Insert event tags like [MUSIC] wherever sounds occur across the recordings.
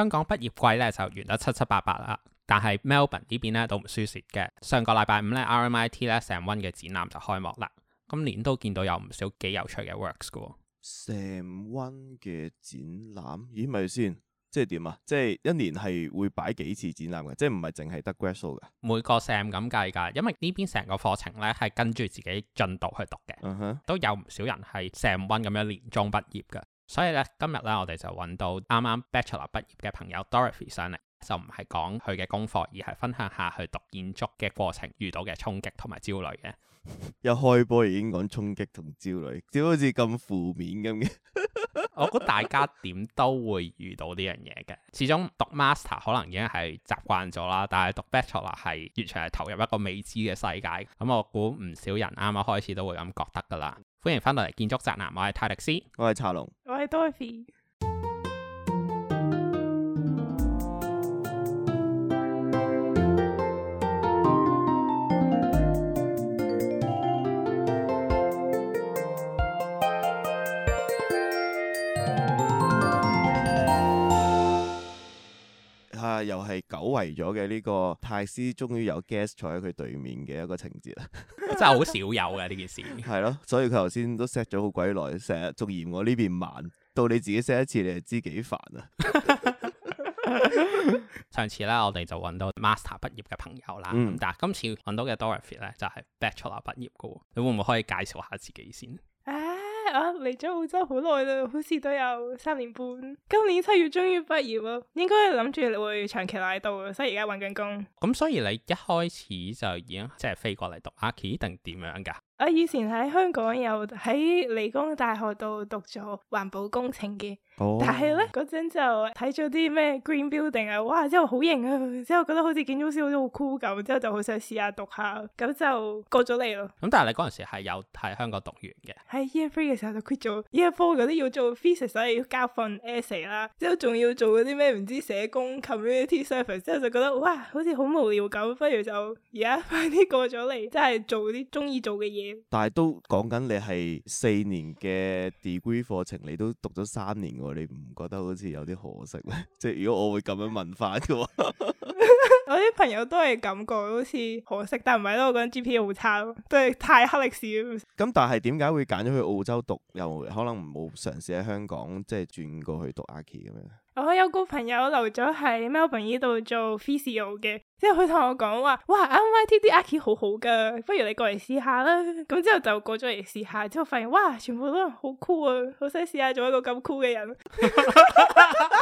香港畢業季咧就完得七七八八啦，但係 Melbourne 呢邊咧都唔輸蝕嘅。上個禮拜五咧，RMIT 咧 Sam Wan 嘅展覽就開幕啦。今年都見到有唔少幾有趣嘅 works 嘅喎、哦。Sam Wan 嘅展覽，咦？咪先，即係點啊？即係一年係會擺幾次展覽嘅？即係唔係淨係得 Grad Show 嘅？每個 Sam 咁計㗎，因為呢邊成個課程咧係跟住自己進度去讀嘅，uh huh. 都有唔少人係 Sam Wan 咁樣年中畢業嘅。所以咧，今日咧，我哋就揾到啱啱 Bachelor 畢業嘅朋友 Dorothy 上嚟，就唔係講佢嘅功課，而係分享下佢讀建築嘅過程遇到嘅衝擊同埋焦慮嘅。一開波已經講衝擊同焦慮，只好似咁負面咁嘅？ [LAUGHS] 我估大家點都會遇到呢樣嘢嘅。始終讀 Master 可能已經係習慣咗啦，但係讀 Bachelor 係完全係投入一個未知嘅世界。咁我估唔少人啱啱開始都會咁覺得噶啦。歡迎翻到嚟建築宅男，我係泰迪斯，我係茶龍，我係 Dorothy。又係久違咗嘅呢個泰斯終於有 guest 坐喺佢對面嘅一個情節啊！ [LAUGHS] [LAUGHS] 真係好少有嘅呢件事。係咯、 [LAUGHS] [LAUGHS] 啊，所以佢頭先都 set 咗好鬼耐，成日仲嫌我呢邊慢，到你自己 set 一次你就知幾煩啊！ [LAUGHS] [LAUGHS] 上次啦，我哋就揾到 master 畢業嘅朋友啦，咁、嗯、但係今次揾到嘅 Dorothy 咧就係、是、bachelor 畢業嘅喎，你會唔會可以介紹下自己先？.啊！嚟咗澳洲好耐啦，好似都有三年半。今年七月終於畢業咯，應該諗住會長期喺度，所以而家揾緊工。咁所以你一開始就已經即係飛過嚟讀 Archi 定點樣噶？我、啊、以前喺香港有喺理工大學度讀咗環保工程嘅，oh. 但係呢嗰陣就睇咗啲咩 green building 啊，哇！之後好型啊，之後覺得好似建築師好似好酷 o 咁，之後就好想試下讀下，咁就過咗嚟咯。咁但係你嗰陣時係有喺香港讀完嘅？喺 year three 嘅時候就 quit 咗 year four 嗰啲要做 thesis，所以要交份 essay 啦，之後仲要做嗰啲咩唔知社工 community service，之後就覺得哇，好似好無聊咁，不如就而家快啲過咗嚟，真係做啲中意做嘅嘢。但係都講緊你係四年嘅 degree 課程，你都讀咗三年喎，你唔覺得好似有啲可惜咩？即係如果我會咁樣問返嘅話， [LAUGHS] [LAUGHS] 我啲朋友都係感覺好似可惜，但係唔係咯，我覺得 GPA 好差咯，都係太黑歷史。咁但係點解會揀咗去澳洲讀？又可能冇嘗試喺香港即係轉過去讀 Archi 咁樣？我有個朋友留咗喺 Melbourne 呢度做 physio 嘅，之後佢同我講話：，哇，MIT 啲 [MUSIC] <哇 >Archi 好好噶，不如你過嚟試下啦。咁之後就過咗嚟試下，之後發現哇，全部都人好酷啊，好想試下做一個咁酷嘅人。 [LAUGHS] [LAUGHS]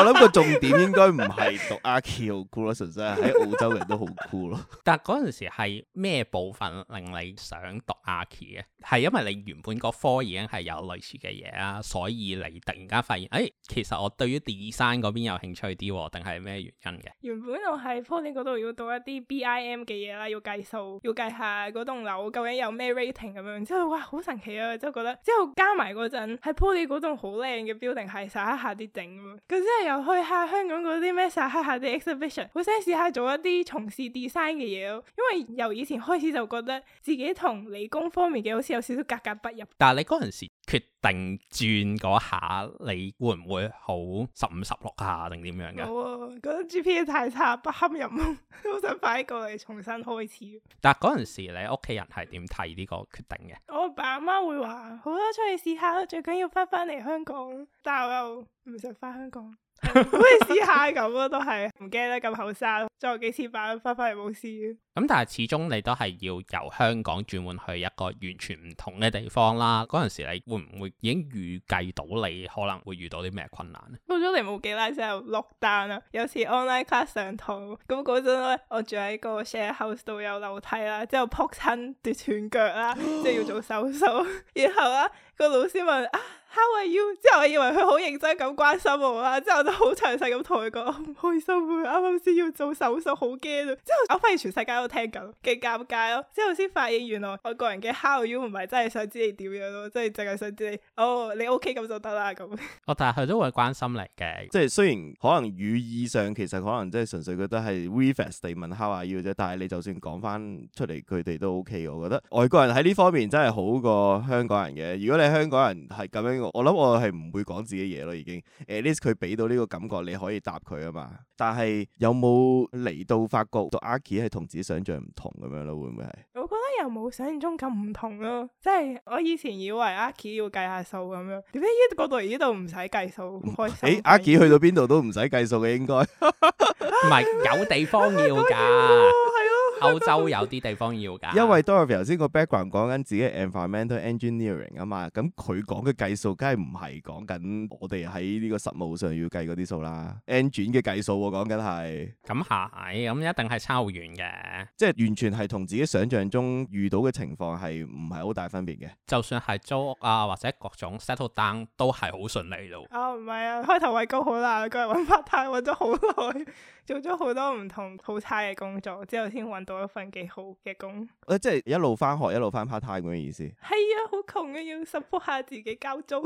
[LAUGHS] 我諗個重點應該唔係讀 Archie 好 cool 咯，純粹係喺澳洲人都好 cool 咯。但嗰陣時係咩部分令你想讀 Archie 嘅？係因為你原本嗰科已經係有類似嘅嘢啦，所以你突然間發現，誒、哎，其實我對於 design 嗰邊有興趣啲，定係咩原因嘅？原本我喺 poly 嗰度要讀一啲 BIM 嘅嘢啦，要計數，要計下嗰棟樓究竟有咩 rating 咁樣，之後哇好神奇啊，之後覺得之後加埋嗰陣喺 poly 嗰棟好靚嘅 building 係撒下啲整，咁即係。又去下香港嗰啲咩晒黑下啲 exhibition，好想試下做一啲從事 design 嘅嘢，因為由以前開始就覺得自己同理工方面嘅好似有少少格格不入。但係你嗰陣時決定轉嗰下，你會唔會好十五十六下定點樣嘅？好啊，覺得 GPA 太差，不堪入目，好 [LAUGHS] 想快過嚟重新開始。但係嗰陣時你屋企人係點睇呢個決定嘅？我阿爸阿媽會話好多出去試下，最緊要翻翻嚟香港，但係我又唔想翻香港。好似試下咁咯，都係唔驚得咁後生，再有幾千百翻翻嚟冇事。咁但係始終你都係要由香港轉換去一個完全唔同嘅地方啦。嗰陣時你會唔會已經預計到你可能會遇到啲咩困難咧？嗰陣時冇幾耐之後落單啦，有次 online class 上堂，咁嗰陣咧，我住喺個 share house 度有樓梯啦，之後仆親跌斷腳啦，即係要做手術， [COUGHS] 然後啊，個老師問啊。How are you？之後我以為佢好認真咁關心我啦，之後就好詳細咁同佢講，我唔開心，啱啱先要做手術，好驚啊！之後我發現，全世界都聽緊，幾尷尬咯。之後先發現原來外國人嘅 How are you？唔係真係想知你點樣咯，即係淨係想知你，哦，你 OK 咁就得啦咁。我但係都會關心嚟嘅，即係雖然可能語義上其實可能即係純粹覺得係 v e r e s 地問 How are you 啫，但係你就算講翻出嚟，佢哋都 OK。我覺得外國人喺呢方面真係好過香港人嘅。如果你香港人係咁樣。我諗我係唔會講自己嘢咯，已經。at least 佢俾到呢個感覺，你可以答佢啊嘛。但係有冇嚟到法國，讀 Archi 係同自己想象唔同咁樣咯？會唔會係？我覺得又冇想象中咁唔同咯，即係我以前以為 Archi 要計下數咁樣，點解呢個度呢度唔使計數？開心。誒，Archi 去到邊度都唔使計數嘅，應該唔係有地方要噶。係咯。 [LAUGHS] 歐洲有啲地方要㗎， [LAUGHS] 因為 Dorothy 頭先個 background 講緊自己 environmental engineering 啊嘛，咁佢講嘅計數，梗係唔係講緊我哋喺呢個實務上要計嗰啲數啦。engine 嘅計數，講緊係，咁係，咁、嗯、一定係差好遠嘅。即係完全係同自己想象中遇到嘅情況係唔係好大分別嘅？就算係租屋啊，或者各種 settle down 都係好順利咯。啊唔係啊，開頭位高好啦，佢係揾 part time 揾咗好耐。 [LAUGHS] 做咗好多唔同好差嘅工作，之後先揾到一份幾好嘅工。誒，即係一路返學，一路返 part time 咁嘅意思。係啊，好窮嘅、啊，要 support 下自己交租。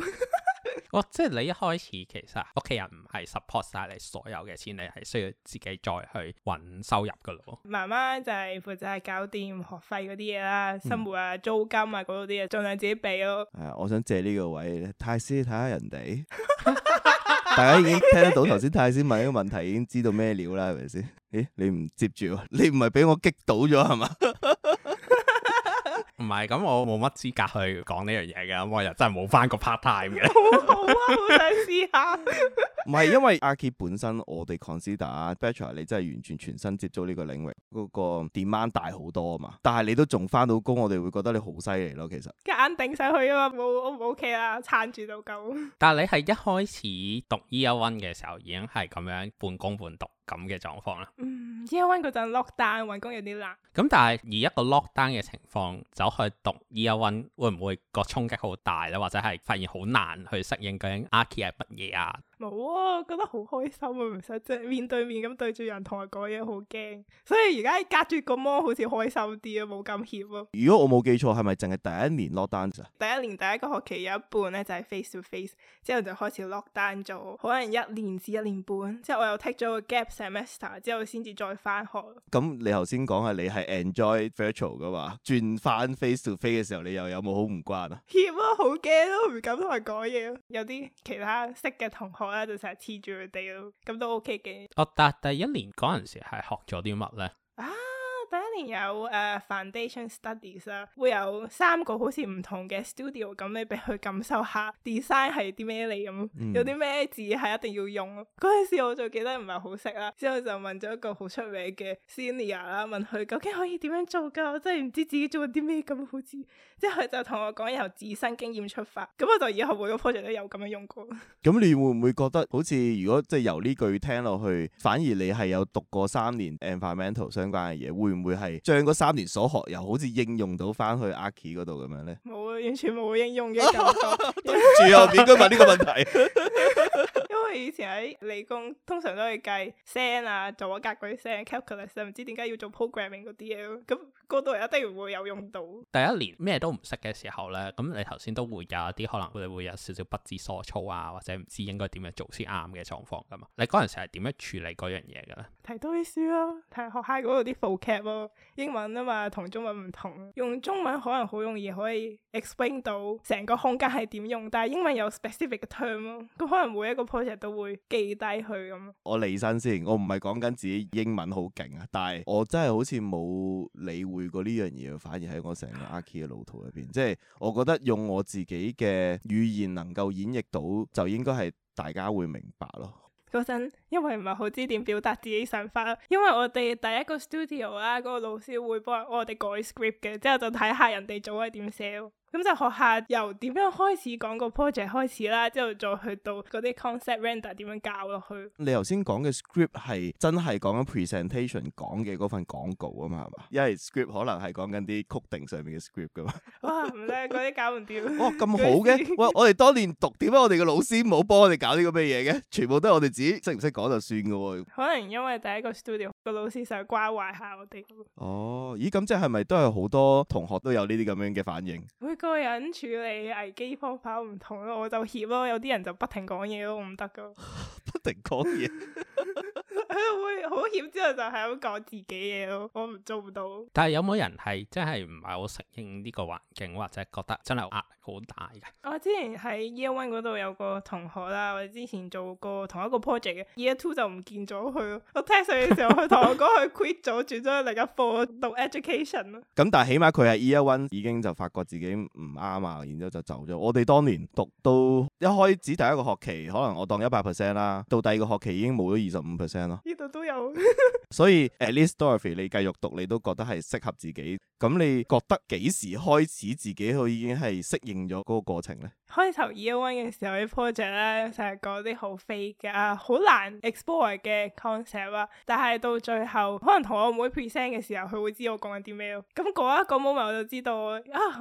我 [LAUGHS] 、哦、即係你一開始其實屋企人唔係 support 晒你所有嘅錢，你係需要自己再去揾收入噶咯。媽媽就係負責係搞掂學費嗰啲嘢啦，生活啊、嗯、租金啊嗰啲嘢，盡量自己俾咯。係、哎、我想借呢個位太師睇下人哋。 [LAUGHS] [LAUGHS] 大家已經聽得到頭先太師問嘅問題已經知道咩料啦，係咪先？咦、欸，你唔接住，你唔係俾我激到咗係嗎？ [LAUGHS] 唔係，咁我冇乜資格去講呢樣嘢嘅，我又真係冇翻個 part time 嘅。 [LAUGHS] 好啊，好想試下。唔 [LAUGHS] 係，因為 Archi 本身，我哋 consider、啊、Bachelor 你真係完全全身接觸呢個領域，嗰、那個 demand 大好多啊嘛。但係你都仲翻到工，我哋會覺得你好犀利咯。其實，硬頂上去啊嘛，冇 O 唔 O K 啦，撐、okay、住到夠。 [LAUGHS] 但係你係一開始讀 Year One 嘅時候，已經係咁樣半工半讀。咁嘅狀況啦。嗯，Year One 嗰陣 lock down，揾工有啲難。咁、嗯、但係以一個 lock down 嘅情況走去讀 Year One，會唔會個衝擊好大咧？或者係發現好難去適應究竟 Archi 係乜嘢啊？哇，哦、覺得好開心啊！唔使即係面對面咁對住人同佢講嘢，好驚，所以而家隔住個 mon 好似開心啲啊，冇咁怯啊！如果我冇記錯，係咪淨係第一年 lockdown 啊？第一年第一個學期有一半咧就係 face to face，之後就開始 lockdown 咗。可能一年至一年半，之後我又 take 咗個 gap semester，之後先至再翻學。咁你頭先講係你係 enjoy virtual 噶嘛？轉翻 face to face 嘅時候，你又有冇好唔慣啊？怯啊，好驚都唔敢同佢講嘢，有啲其他識嘅同學。啊、就成日黐住佢哋咯，咁都 OK 嘅。哦大第一年嗰陣時係學咗啲乜咧？啊。有誒、uh, foundation studies 啦，會有三個好似唔同嘅 studio，咁你俾佢感受下 design 係啲咩嚟咁，有啲咩、嗯、字係一定要用咯。嗰、那、陣、個、時我，我就記得唔係好識啦，之後就問咗一個好出名嘅 senior 啦，問佢究竟可以點樣做㗎？我真係唔知自己做啲咩咁，好似之後佢就同我講由自身經驗出發，咁我就以後每個 project 都有咁樣用過。咁、嗯、你會唔會覺得好似如果即係由呢句聽落去，反而你係有讀過三年 environmental 相關嘅嘢，會唔會係？係將嗰三年所學，又好似應用到翻去 Archi 嗰度咁樣咧，冇啊，完全冇應用嘅感 [LAUGHS] 覺。跟住後邊佢問呢個問題，因為以前喺理工通常都係計聲啊，做下格軌聲 calculator 唔知點解要做 programming 嗰啲嘢咯。咁嗰度一定會有用到。第一年咩都唔識嘅時候咧，咁你頭先都會有一啲可能，你會有少少不知所措啊，或者唔知應該點樣做先啱嘅狀況噶嘛。你嗰陣時係點樣處理嗰樣嘢噶咧？睇多啲書咯，睇學校嗰度啲 full 副劇咯。 [LAUGHS] 英文啊嘛，同中文唔同，用中文可能好容易可以 explain 到成個空間係點用，但係英文有 specific term 咯、嗯，咁、嗯嗯嗯嗯嗯、可能每一個 project 都會記低去咁、嗯。我離身先，我唔係講緊自己英文好勁啊，但係我真係好似冇理會過呢樣嘢，反而喺我成個 archi 嘅路途入邊，即係我覺得用我自己嘅語言能夠演繹到，就應該係大家會明白咯。嗰陣，因為唔係好知點表達自己想法，因為我哋第一個 studio 啦，嗰個老師會幫我哋改 script 嘅，之後就睇下人哋做係點寫。咁就學下由點樣開始講個 project 開始啦，之後再去到嗰啲 concept render 點樣教落去。你頭先講嘅 script 係真係講緊 presentation 講嘅嗰份廣告啊嘛，係嘛？因為 script 可能係講緊啲 coding 上面嘅 script 噶嘛。哇，唔叻嗰啲搞唔掂。哇，咁好嘅？喂， [LAUGHS] 我哋當年讀點解我哋嘅老師冇幫我哋搞呢個咩嘢嘅？全部都係我哋自己識唔識講就算嘅喎。可能因為第一個 studio 個老師想關懷下我哋。哦，咦，咁即係咪都係好多同學都有呢啲咁樣嘅反應？個人處理危機方法唔同咯，我就怯咯，有啲人就不停講嘢都唔得㗎，不停講嘢。 [LAUGHS] 會好險，之後就係咁講自己嘢咯，我唔做唔到。但係有冇人係真係唔係好適應呢個環境，或者覺得真係壓力好大嘅？ [LAUGHS] 我之前喺 Year One 嗰度有個同學啦，我哋之前做過同一個 project 嘅，Year Two 就唔見咗佢。我聽上去嘅時候，佢同我講佢 quit 咗，轉咗 [LAUGHS] 去另一科讀 education 咯。咁但係起碼佢係 Year One 已經就發覺自己唔啱啊，然之後就走咗。我哋當年讀到一開始第一個學期，可能我當一百 percent 啦，到第二個學期已經冇咗二十五 percent。呢度都有 [LAUGHS] ，所以 [LAUGHS] At least Dorothy，你繼續讀，你都覺得係適合自己。咁你覺得幾時開始自己佢已經係適應咗嗰個過程咧？開頭 Year One 嘅時候啲 project 咧，成日講啲好 fake 嘅、啊，好難 explore 嘅 concept 啊，但係到最後可能同我妹 present 嘅時候，佢會知我講緊啲咩咯。咁嗰一個 moment 我就知道啊，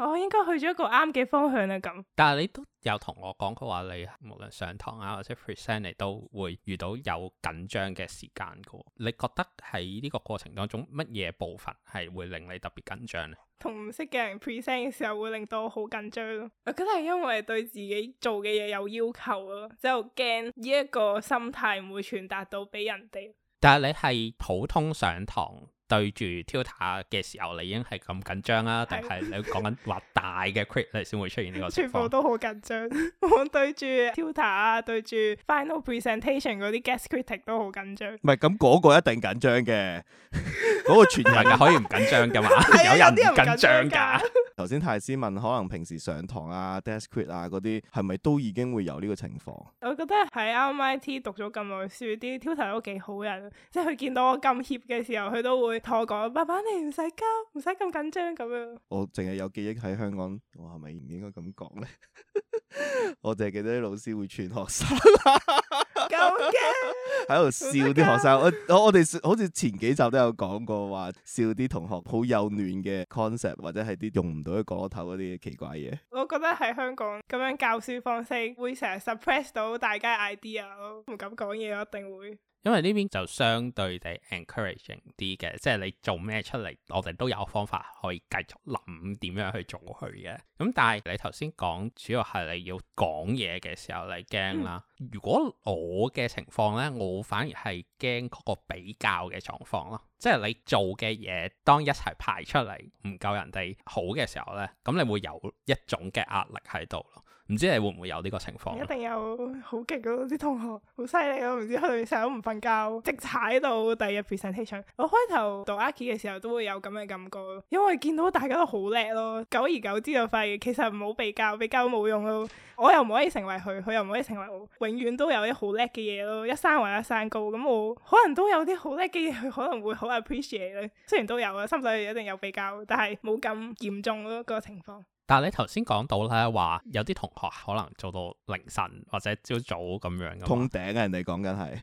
我應該去咗一個啱嘅方向啦。咁但係你都。又同我講佢話，你無論上堂啊或者 present 你都會遇到有緊張嘅時間嘅，你覺得喺呢個過程當中乜嘢部分係會令你特別緊張呢？同唔識嘅人 present 嘅時候會令到我好緊張咯，我覺得係因為對自己做嘅嘢有要求咯，就驚呢一個心態唔會傳達到俾人哋。但係你係普通上堂。對住 Tutor 嘅時候，你已經係咁緊張啦，定係你講緊話大嘅 crit 你先會出現呢個情況？全部都好緊張，我對住 Tutor 啊，對住 Final Presentation 嗰啲 guest critic 都好緊張。唔係，咁嗰個一定緊張嘅，嗰個全日係可以唔緊張噶嘛？有人唔緊張噶。頭先太斯問，可能平時上堂啊、desk q u i t 啊嗰啲係咪都已經會有呢個情況？我覺得喺 MIT 讀咗咁耐書，啲挑 e 都幾好人，即係佢見到我咁怯嘅時候，佢都會同我講：爸爸你唔使交，唔使咁緊張咁樣。我淨係有，有記憶喺香港，我係咪唔應該咁講咧？ [LAUGHS] [LAUGHS] 我淨係記得啲老師會串學生。 [LAUGHS] 咁嘅喺度笑啲裡學生，我我哋好似前幾集都有講過話笑啲同學好幼嫩嘅 concept，或者係啲用唔到一個頭嗰啲奇怪嘢。我覺得喺香港咁樣教書方式會成日 suppress 到大家 idea，唔敢講嘢，我一定會。因為呢邊就相對地 encouraging 啲嘅，即係你做咩出嚟，我哋都有方法可以繼續諗點樣去做佢嘅。咁但係你頭先講，主要係你要講嘢嘅時候你驚啦。嗯、如果我嘅情況呢，我反而係驚嗰個比較嘅狀況咯，即係你做嘅嘢當一齊排出嚟唔夠人哋好嘅時候呢，咁你會有一種嘅壓力喺度。唔知你會唔會有呢個情況？一定有，好勁咯！啲同學好犀利咯，唔知佢哋成日都唔瞓覺，直踩到第二日 presentation。我開頭讀 Archi 嘅時候都會有咁嘅感覺，因為見到大家都好叻咯。久而久之就發現其實唔好比較，比較冇用咯。我又唔可以成為佢，佢又唔可以成為我。永遠都有一好叻嘅嘢咯，一山還一山高。咁我可能都有啲好叻嘅嘢，佢可能會好 appreciate 咯。雖然都有啊，心水一定有比較，但係冇咁嚴重咯，嗰個情況。但係你頭先講到咧，話有啲同學可能做到凌晨或者朝早咁樣噶嘛？通頂啊，人哋講緊係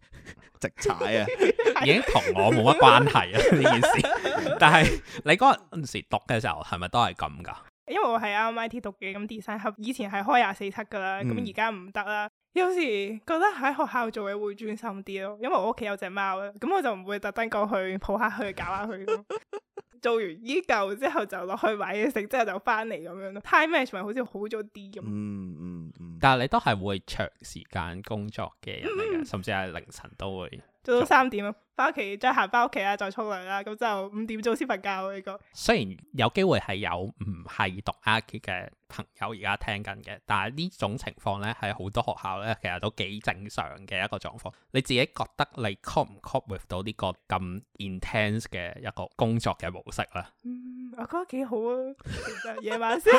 直踩啊， [LAUGHS] [LAUGHS] 已經同我冇乜關係啊呢 [LAUGHS] 件事。但係你嗰陣時讀嘅時候，係咪都係咁噶？因為我係 MIT 讀嘅，咁、嗯、design 以前係開廿四七噶啦，咁而家唔得啦。有時覺得喺學校做嘢會專心啲咯，因為我屋企有隻貓啊，咁我就唔會特登過去抱下佢，搞下佢。 [LAUGHS] 做完依舊之後就落去買嘢食，之後就翻嚟咁樣咯。Time match 咪好似好咗啲咁。嗯嗯嗯。但係你都係會長時間工作嘅人嚟嘅，嗯嗯、甚至係凌晨都會做，做到三點啊，翻屋企再行翻屋企啦，再沖涼啦，咁就五點鐘先瞓覺呢個。雖然有機會係有唔係讀 arch 嘅。朋友而家聽緊嘅，但係呢種情況咧，係好多學校咧，其實都幾正常嘅一個狀況。你自己覺得你 cope 唔 cope with 到呢個咁 intense 嘅一個工作嘅模式咧？嗯，我覺得幾好啊。夜晚 [LAUGHS] 先，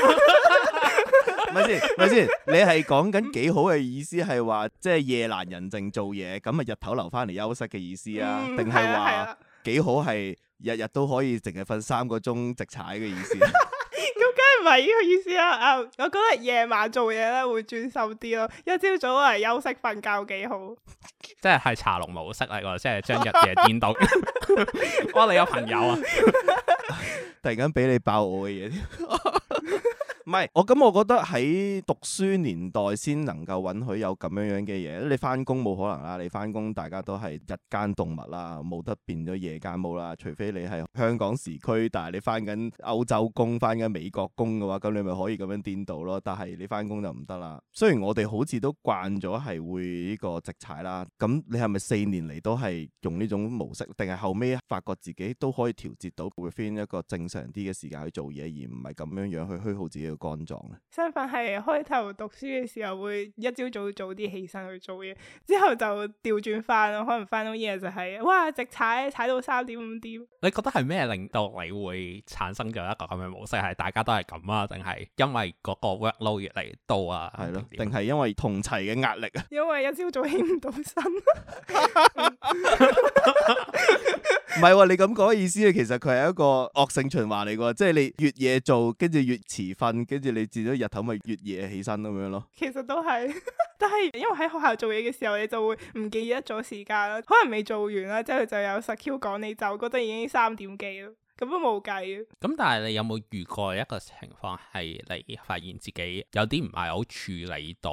咪先咪先，你係講緊幾好嘅意思，係話、嗯、即係夜闌人靜做嘢，咁啊、嗯、日頭留翻嚟休息嘅意思啊？定係話幾好係日，日日都可以淨係瞓三個鐘直踩嘅意思、啊？ [LAUGHS] 唔係呢個意思啦，啊、嗯！我覺得夜晚做嘢咧會專心啲咯，一朝早嚟休息瞓覺幾好。即係 [LAUGHS] 茶龍模式嚟喎，即係將日夜顛倒。哇、 [LAUGHS] [LAUGHS] 哦！你有朋友啊？ [LAUGHS] 突然間俾你爆我嘅嘢。 [LAUGHS] 唔係我咁，我覺得喺讀書年代先能夠允許有咁樣樣嘅嘢。你翻工冇可能啦，你翻工大家都係日間動物啦，冇得變咗夜間冇啦。除非你係香港時區，但係你翻緊歐洲工、翻緊美國工嘅話，咁你咪可以咁樣顛倒咯。但係你翻工就唔得啦。雖然我哋好似都慣咗係會呢個直踩啦，咁你係咪四年嚟都係用呢種模式？定係後尾發覺自己都可以調節到會 within 一個正常啲嘅時間去做嘢，而唔係咁樣樣去虛耗自己。肝臟啊！相反係開頭讀書嘅時候會一朝早早啲起身去做嘢，之後就調轉翻咯。可能翻到夜就係、是、哇，直踩踩到三點五點。你覺得係咩令到你會產生咗一個咁嘅模式？係大家都係咁啊，定係因為嗰個 work load 越嚟越多啊？係咯的，定係因為同齊嘅壓力啊？因為一朝早，早起唔到身。唔係喎，你咁講嘅意思，其實佢係一個惡性循環嚟嘅，即係你越夜做，跟住越遲瞓。跟住你至咗日頭咪越夜起身咁樣咯，其實都係，但係因為喺學校做嘢嘅時候，你就會唔記得咗時間，可能未做完啦，之後就有實 Q 講你走，就覺得已經三點幾咯，咁都冇計啊。咁但係你有冇遇過一個情況，係你發現自己有啲唔係好處理到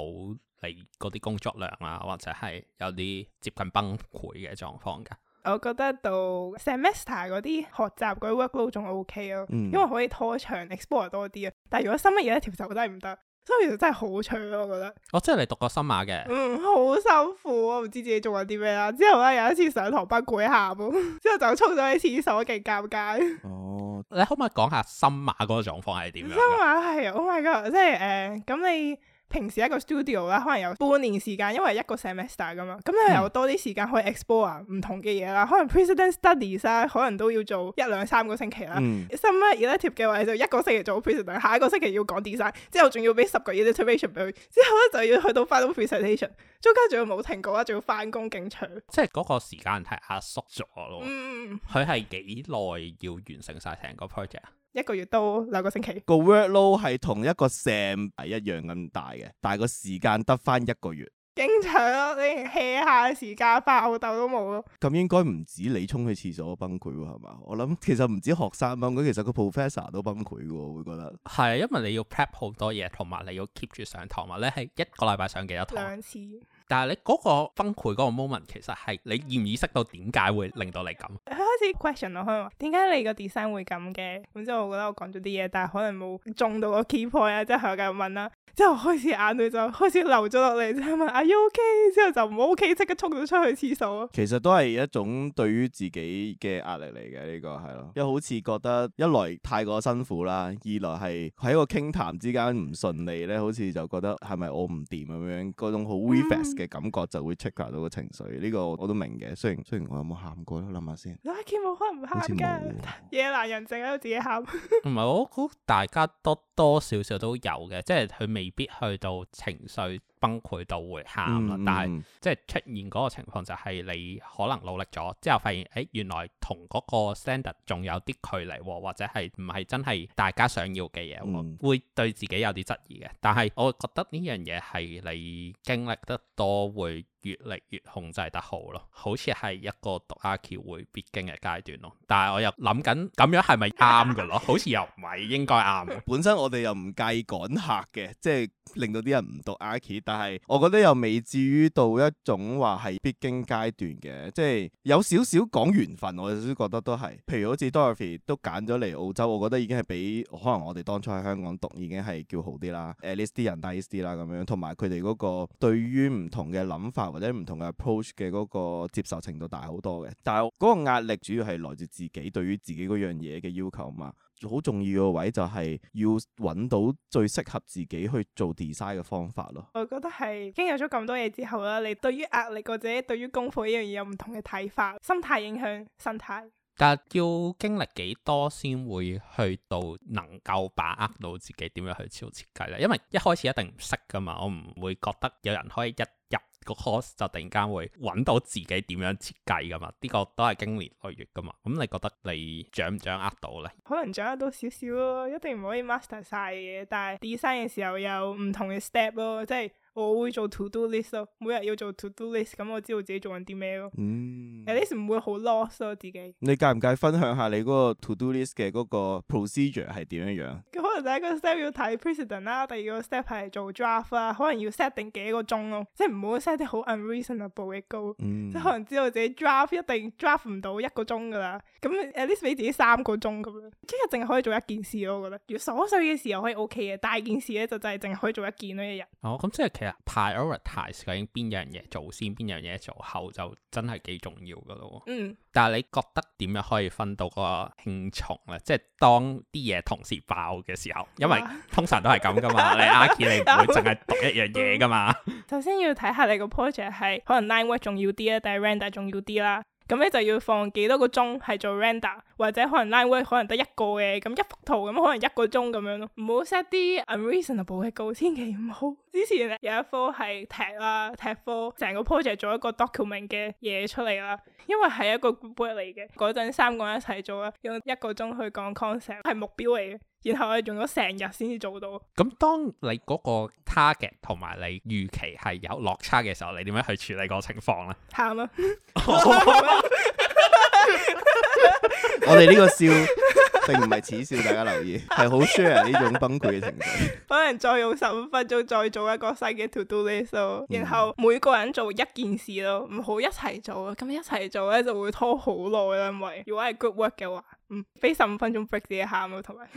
你嗰啲工作量啊，或者係有啲接近崩潰嘅狀況噶？我覺得讀 semester 嗰啲學習嗰 workload 仲 OK 咯、啊，嗯、因為可以拖長 explore 多啲啊。但係如果新嘢一條就真係唔得，所以其實真係好長咯、啊，我覺得。哦，即係你讀過新馬嘅？嗯，好辛苦，我唔知自己做緊啲咩啦。之後咧有一次上堂崩潰一下咯，之後就衝咗去廁所，勁尷尬。哦，你可唔可以講下新馬嗰個狀況係點樣？新馬係 Oh my God！即係誒，咁、呃、你。平時一個 studio 啦，可能有半年時間，因為一個 semester 噶嘛，咁、嗯、咧、嗯嗯、有多啲時間可以 explore 唔同嘅嘢啦。可能 precedent studies 啊，可能都要做一兩三個星期啦。some elective 嘅話你就一個星期做 presentation 下一個星期要講 design，之後仲要俾十個 introduction 俾佢，之後咧就要去到 final presentation，中間仲要冇停過，仲要翻工勁長，即係嗰個時間係壓縮咗咯。嗯嗯，佢係幾耐要完成晒成個 project 啊？一個月都兩個星期，個 workload 係同一個 sem 一樣咁大嘅，但係個時間得翻一個月，經常你 hea 下嘅時間發吽豆都冇咯。咁應該唔止你衝去廁所崩潰係嘛？我諗其實唔止學生崩潰，其實個 professor 都崩潰嘅，我會覺得係因為你要 prep 好多嘢，同埋你要 keep 住上堂，物咧係一個禮拜上幾多堂？兩次。但係你嗰個崩潰嗰個 moment，其實係你意唔意識到點解會令到你咁？佢開始 question 我，開始話點解你個 design 會咁嘅？然之後我覺得我講咗啲嘢，但係可能冇中到個 key point 啊，即係我繼續問啦。之後開始眼淚就開始流咗落嚟，即係問 Are you OK？之後就唔好 OK，即刻衝咗出去廁所咯。其實都係一種對於自己嘅壓力嚟嘅，呢個係咯，因為好似覺得一來太過辛苦啦，二來係喺個傾談，談之間唔順利咧，好似就覺得係咪我唔掂咁樣？嗰種好嘅感覺就會 trigger 到個情緒，呢個我都明嘅。雖然雖然我有冇喊過咧，諗下先。你阿健冇可能唔喊㗎，哭哭野難人成日喺度自己喊。唔係，我估大家都。多少少都有嘅，即係佢未必去到情緒崩潰到會喊啦，嗯嗯、但係即係出現嗰個情況就係你可能努力咗之後發現，誒，原來同嗰個 standard 仲有啲距離，啊，或者係唔係真係大家想要嘅嘢，啊，嗯、會對自己有啲質疑嘅。但係我覺得呢樣嘢係你經歷得多會。越嚟越控制得好咯，好似係一個讀 Archi 會必經嘅階段咯。但係我又諗緊咁樣係咪啱嘅咯？ [LAUGHS] 好似又唔係應該啱。 [LAUGHS] 本身我哋又唔介意趕客嘅，即係令到啲人唔讀 Archi，但係我覺得又未至於到一種話係必經階段嘅，即係有少少講緣分。我亦都覺得都係譬如好似 Dorothy 都揀咗嚟澳洲，我覺得已經係比可能我哋當初喺香港讀已經係叫好啲啦。At least 啲 [MUSIC] 人大啲啲啦咁樣，同埋佢哋嗰個對於唔同嘅諗法。或者唔同嘅 approach 嘅嗰個接受程度大好多嘅，但係嗰個壓力主要係來自自己對於自己嗰樣嘢嘅要求啊嘛。好重要嘅位就係要揾到最適合自己去做 design 嘅方法咯。我覺得係經過咗咁多嘢之後啦，你對於壓力或者對於功課呢樣嘢有唔同嘅睇法，心態影響心態，但係要經歷幾多先會去到能夠把握到自己點樣去超設計啦，因為一開始一定唔識噶嘛我唔會覺得有人可以一入。個 course 就突然間會揾到自己點樣設計㗎嘛，呢、這個都係經年累月㗎嘛。咁你覺得你掌唔掌握到咧？可能掌握到少少囉，一定唔可以 master 晒嘅。但係 design 嘅時候有唔同嘅 step 囉，即係。我會做 to do list 咯，每日要做 to do list，咁我知道自己做緊啲咩咯。嗯、at least 唔會好 lost 咯自己。你介唔介分享下你嗰個 to do list 嘅嗰個 procedure 係點樣樣？咁可能第一個 step 要睇 precedent 啦，第二個 step 係做 draft 啦，可能要 set 定幾個鐘咯，即係唔好 set 定好 unreasonable 嘅 goal、嗯、即係可能知道自己 draft 一定 draft 唔到一個鐘噶啦，咁 at least 俾自己三個鐘咁樣，即係淨係可以做一件事咯。我覺得，如果瑣碎嘅時候可以 OK 嘅，大件事咧就就係淨係可以做一件咯，一日。哦，咁、嗯、即係其 prioritize 究竟邊樣嘢做先，邊樣嘢做後，就真係幾重要噶咯。嗯，但係你覺得點樣可以分到個輕重咧？即係當啲嘢同時爆嘅時候，因為通常都係咁噶嘛，哇你阿 K [LAUGHS] 你唔會淨係做一樣嘢噶嘛、嗯嗯。首先要睇下你個 project 係可能 line work 重要啲啊，定係 render 重要啲啦。咁你就要放幾多個鐘係做 render，或者可能 line work 可能得一個嘅，咁一幅圖咁可能一個鐘咁樣咯。唔好 set 啲 unreasonable 嘅高，千祈唔好。之前咧有一科係踢啦，踢科成個 project 做一個 document 嘅嘢出嚟啦，因為係一個 group work 嚟嘅，嗰陣三個人一齊做啦，用一個鐘去講 concept 係目標嚟嘅。然後我哋用咗成日先至做到。咁當你嗰個 target 同埋你預期係有落差嘅時候，你點樣去處理個情況咧？啱咯！ [LAUGHS] 我哋呢個笑並唔係恥笑，大家留意，係好 share 呢種崩潰嘅情緒。 [LAUGHS] 可能再用十五分鐘再做一個 s c h e to do t h i s t 然後每個人做一件事咯，唔好一齊做，咁一齊做呢，就會拖好耐啦。因為如果係 good work 嘅話，嗯，俾十五分鐘 break 自己喊咯，同埋。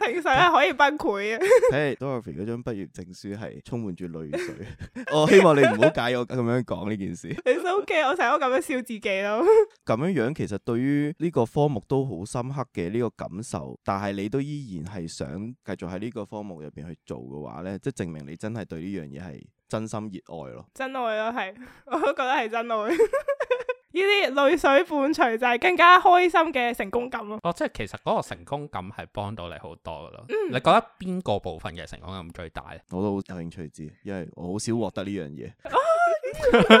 平時係可以崩潰嘅，睇 Dorothy 嗰張畢業證書係充滿住淚水。 [LAUGHS] 我希望你唔好介意我咁樣講呢件事。你 's、okay, [LAUGHS] 都 OK，我成日都咁樣笑自己咯。咁樣樣其實對於呢個科目都好深刻嘅呢，這個感受，但係你都依然係想繼續喺呢個科目入邊去做嘅話呢，即係證明你真係對呢樣嘢係真心熱愛咯。真愛咯，係我都覺得係真愛。 [LAUGHS] 呢啲淚水伴隨就係更加開心嘅成功感咯。哦，即係其實嗰個成功感係幫到你好多嘅咯。嗯，你覺得邊個部分嘅成功感最大？我都好有興趣知，因為我好少獲得呢樣嘢。 [LAUGHS] [LAUGHS]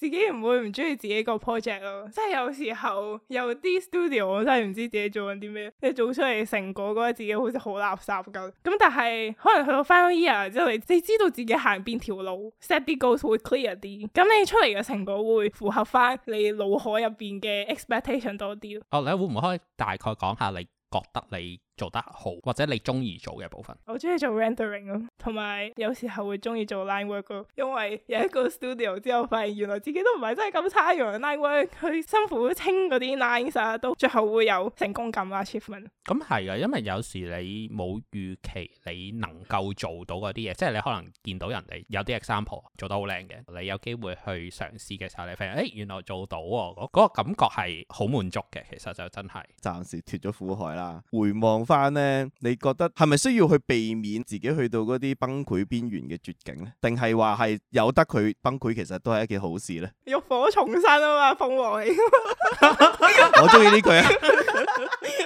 自己唔會唔中意自己個 project 咯。即係有時候有啲 studio 我真係唔知自己做緊啲咩，你做出嚟成果覺得自己好似好垃圾咁。咁但係可能去到 final year 之後，你知道自己行邊條路 set 啲 goals 會 clear 啲，咁你出嚟嘅成果會符合翻你腦海入邊嘅 expectation 多啲咯。哦，你會唔會可以大概講下你覺得你做得好，或者你中意做嘅部分。我中意做 rendering 咯，同埋有時候會中意做 line work 咯。因為有一個 studio 之後，發現原來自己都唔係真係咁差樣。line work 佢辛苦清嗰啲 lines 啊，都最後會有成功感、啊、achievement。咁係啊，因為有時你冇預期你能夠做到嗰啲嘢，即係你可能見到人哋有啲 example 做得好靚嘅，你有機會去嘗試嘅時候，你發現誒，原來做到嗰、哦、嗰、嗰個感覺係好滿足嘅。其實就真係暫時脫咗苦海啦，回望。翻咧，你覺得係咪需要去避免自己去到嗰啲崩潰邊緣嘅絕境咧？定係話係有得佢崩潰，其實都係一件好事咧？浴火重生啊嘛，鳳凰嚟噶，我中意呢句啊！ [LAUGHS]